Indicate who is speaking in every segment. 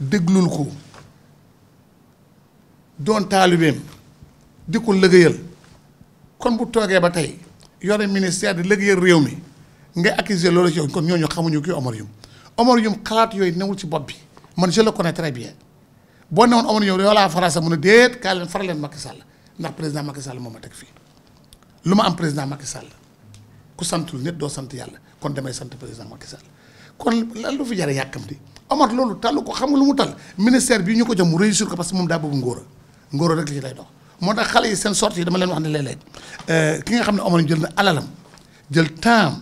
Speaker 1: déglul ko doon taalibeem di ko liggéeyal kon bu toogee ba tey yore ministère di liggéeyal réew mi ngay accuser loolu ci yow kon ñooñu xamuñu kii Omar Youm Omar Youm xalaat yooyu newul ci bopp bi man je le connais très bien boo newoon Omar Youm yow laa faral sa mun a déet kaa leen faral leen Macky Sall ndax président Macky Sall moo ma teg fii lu ma am président Macky Sall ku santul nit doo sant yàlla kon damay sant président Macky Sall kon lan lu fi jare yàkkamti Omar loolu talu ko xam nga lu mu tal ministère bi ñu ko jëm mu réussir ko parce que moom daa bëgg ngóora ngóora rek li ci lay dox moo tax xale yi seen sortie yi dama leen wax ne léeg-léeg euh, ki nga xam ne Omar jël na alalam jël temps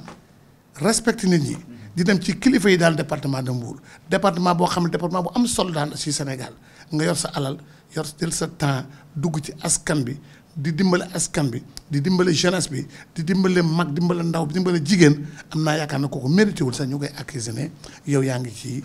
Speaker 1: respecté nit ñi di dem ci kilifa yi daal département de Mbour département boo xam ne département bu am solo daal ci Sénégal nga yor sa alal yor jël sa temps dugg ci askan bi di dimbale askan bi di dimbale jeunesse bi di dimbale mag dimbale ndaw dimbale jigéen am naa yaakaar ne kooku mérité wul sax ñu koy accusé ne yow yaa ngi ci